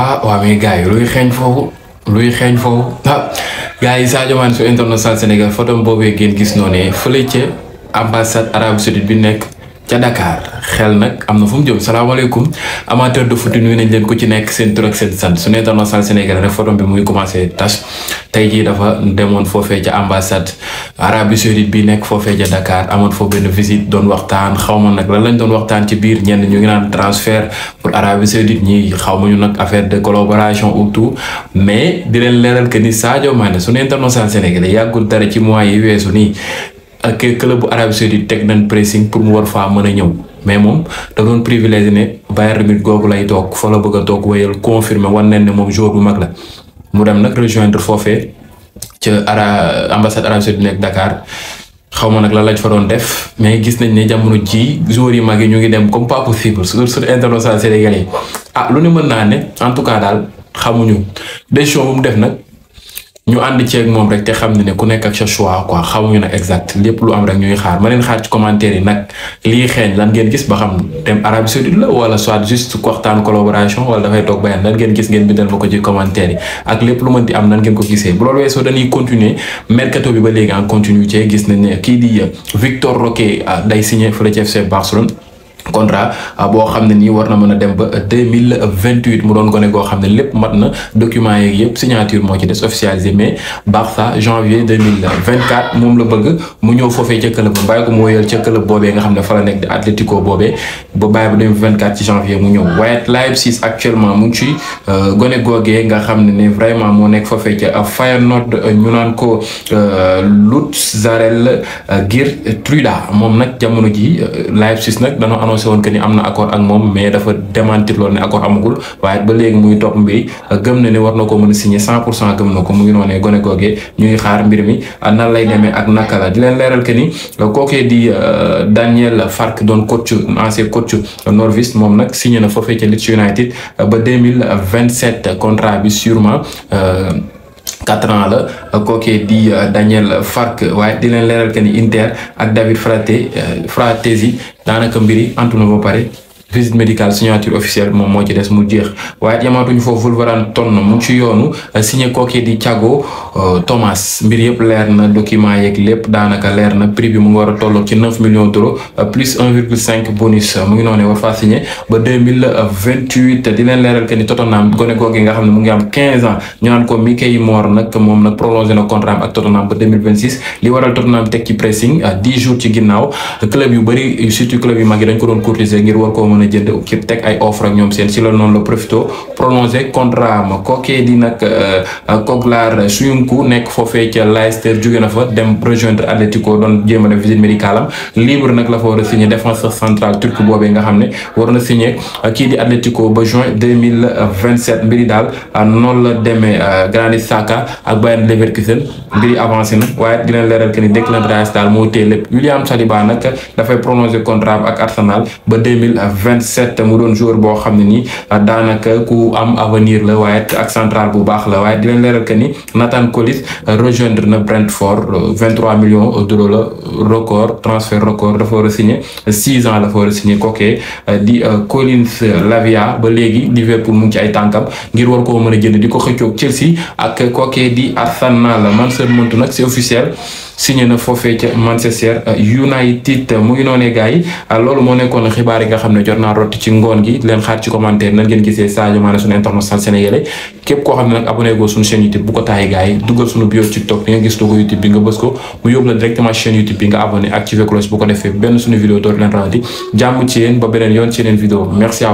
ah waa mais gars yi luy xeeñ foofu luy xeeñ foofu ah gars yi Sadio Mané su international Sénégal photom boobee ngeen gis noonu ne fële ca ambassade Arabie Saoudite bi nekk ca Dakar xel nag am na fu mu jëm salaamaaleykum amateur de foot nu nañ leen ko ci nekk seen tur ak seen sant suñu international sénégalais rek fotom muy commencé tas tey jii dafa demoon foofee ca ambassade Arabie Saoudite bi nekk foofee ca Dakar amoon foo doon waxtaan xaw ma nag lan lañ doon waxtaan ci biir ñenn ñu ngi naan transfert pour Arabie Saoudite ñi xaw ma ñu nag affaire de collaboration ou tout mais di leen leeral que ni Sadio Mané suñu international sénégalais yàggul dara ci mois yi weesu nii ak club bu arab Saoudite teg nañ pressing pour mu war faa mën a ñëw mais moom da doon privilégié ne Bayern Munich googu lay toog fa la bëgg a toog wéyal confirmé wan nañ ne moom joueur bu mag la mu dem nag rejoindre foofee ca ara ambassade Arabie Saoudite nekk Dakar. xaw ma nag la lañ fa doon def mais gis nañ ne jamono ji joueurs yi mag yi ñu ngi dem comme pas possible sur sur international sénégalais ah lu ne mën naa ne en tout cas daal xamuñu décision bu mu def nag ñu ànd ceeg moom rek te xam ne ne ku nekk ak sa choix quoi xamuñu nag exact lépp lu am rek ñuy xaar ma leen xaar ci commentaire yi nag lii xeeñ lan ngeen gis ba xam dem Arabie Saoudite la wala soit juste waxtaan collaboration wala dafay toog bayan lan ngeen gis ngeen bindal ma ko ci commentaire yi ak lépp lu mën di am nan ngeen ko gisee bu loolu weesoo dañuy continuer mercato bi ba léegi en continuité gis nañ ne kii di Victor Roque euh, day signé fële ci contrat ah, boo xam ne nii war na mën a dem ba deux mille vingt huit mu doon gone goo xam ne lépp mat na documents yeeg yëpp signature moo ci des officialisé mais Barça janvier moom la bëgg mu ñëw foofee ca club ba bàyyi ko mu wóyal ca club boobee nga xam ne fa la nekk di Atlético boobee ba bàyyi euh, xam ne ni vraiment moo nekk foofee ca Feyenoord ñu naan ko euh, Lutz Zarel euh, Geertruida moom nag jamono ji Leipzig nag danoo annoncé. annoncé woon que ni am na accord ak moom mais dafa démentir loolu ne accord amagul waaye ba léegi muy topp mbir gëm na ne war na ko mun a signé cent pour cent gëm na ko mu ngi noonee gone googee ñu ngi xaar mbir mi a lay demee ak naka la di leen leeral que ni kookee di euh, Daniel Fark doon coach ancien coach Norwich moom nag signé na foofee ca Leeds United ba deux mille vingt sept contrat bi sûrement. Euh, quatre la kookee di euh, Daniel Fark waaye di leen leeral que ni Inter ak David Frate euh, Fratesi daanaka mbiri antu na ba pare visite médicale signature officielle moom moo ci des mu jeex waaye yamaatuñu foofu Wolverhampton mu ci yoonu euh, signé kooki di Thiago euh, Thomas mbir yëpp leer document yeeg daanaka leer na mu ngi war a toll ci neuf millions d'euros euh, plus bonus mu ngi noonu war faa signé ba deux mille vingt huit gone kooki nga xam ne mu ngi am quinze ans ñu naan ko Mikey Moore nag moom nag prolongé na contrat ak Tottenham ba deux vingt six li waral Tottenham mën a jënd ak képp teg ay offre ak ñoom seen si la noonu la profité prolongé contrat am kookee nag Koglar euh, Suyunku nekk fa dem rejoindre Atlético doon jéem a def visite libre nag la fa war a signé défenseur central turc boobee nga xam ne euh, ba juin deux mille vingt sept mbiri daal euh, noonu la demee Granit Xhaka ak Bayer Leverkusen mbiri avancé na waaye dina leeral que ni Declan daal moo téye lépp William Saliba nag dafay prolongé contrat ak Arsenal ba 27 mu doon joueur boo xam ne nii daanaka ku am avenir la waaye ak central bu baax la waaye di leen leeral que ni Nathan Collins rejoindre na Brentford 23 millions d'euros la record transfert record dafa war a signé 6 ans dafa war a signé kookee di euh, Collins Lavia ba léegi Liverpool mu ngi ci ay tànkam ngir war koo mën a jënd di ko xëccoog Chelsea ak kookee di Arsenal Mason Mount nag c'est officiel. signé na foofee ca Manchester uh, United mu ngi noonee gars yi uh, loolu moo nekkoon xibaar nga xam ne jot naa rott ci ngoon gi leen xaar ci commentaire nan ngeen gisee Sadio Mané suñu a sénégalais képp koo xam ne nag abonné goo suñu chaîne YouTube bu ko taayee gars yi duggal suñu bio TikTok di nga gis logo YouTube bi nga bës ko mu yóbbu la directement chaîne YouTube bi nga abonné activé cloche bu ko defee benn suñu vidéo dootu leen rawati yoon ci yeneen vidéo merci